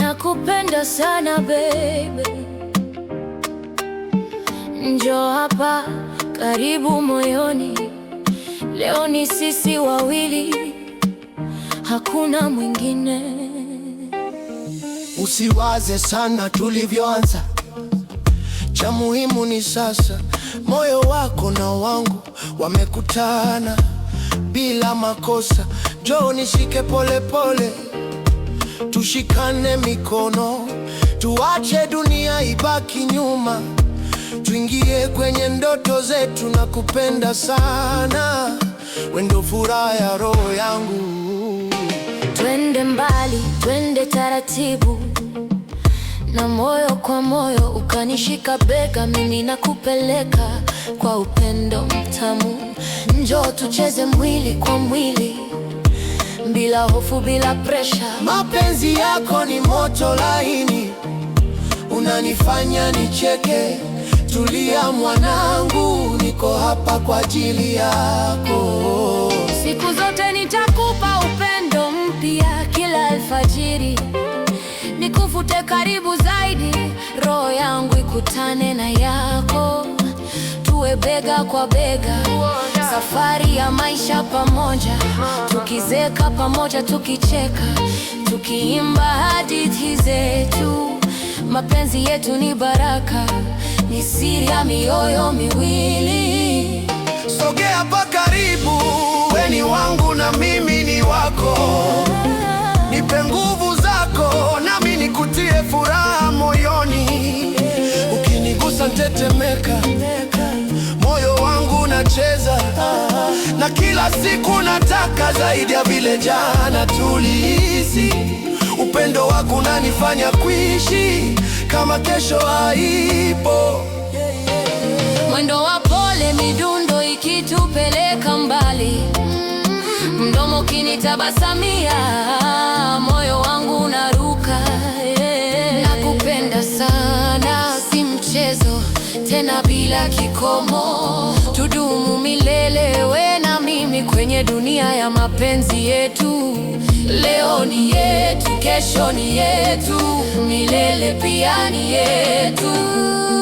Nakupenda sana baby, njoo hapa karibu moyoni. Leo ni sisi wawili, hakuna mwingine. Usiwaze sana tulivyoanza cha muhimu ni sasa, moyo wako na wangu wamekutana bila makosa. Njoo nishike polepole, tushikane mikono, tuache dunia ibaki nyuma, tuingie kwenye ndoto zetu. Na kupenda sana, wendo furaha ya roho yangu. Twende mbali, twende taratibu na moyo kwa moyo ukanishika bega, mimi nakupeleka kwa upendo mtamu. Njoo tucheze mwili kwa mwili, bila hofu, bila presha. Mapenzi yako ni moto laini, unanifanya nicheke. Tulia mwanangu, niko hapa kwa ajili yako, siku zote nitakupa Nitafute karibu zaidi, roho yangu ikutane na yako, tuwe bega kwa bega, safari ya maisha pamoja, tukizeka pamoja, tukicheka, tukiimba hadithi zetu. Mapenzi yetu ni baraka, ni siri ya mioyo miwili. Kila siku nataka zaidi ya vile jana tulihisi. Upendo wako unanifanya kuishi kama kesho haipo. Mwendo wa pole, midundo ikitupeleka mbali, mdomo kinitabasamia, moyo wangu unaruka. Nakupenda sana, si mchezo tena, bila kikomo, tudumu milele ndani kwenye dunia ya mapenzi yetu. Leo ni yetu, kesho ni yetu, milele pia ni yetu.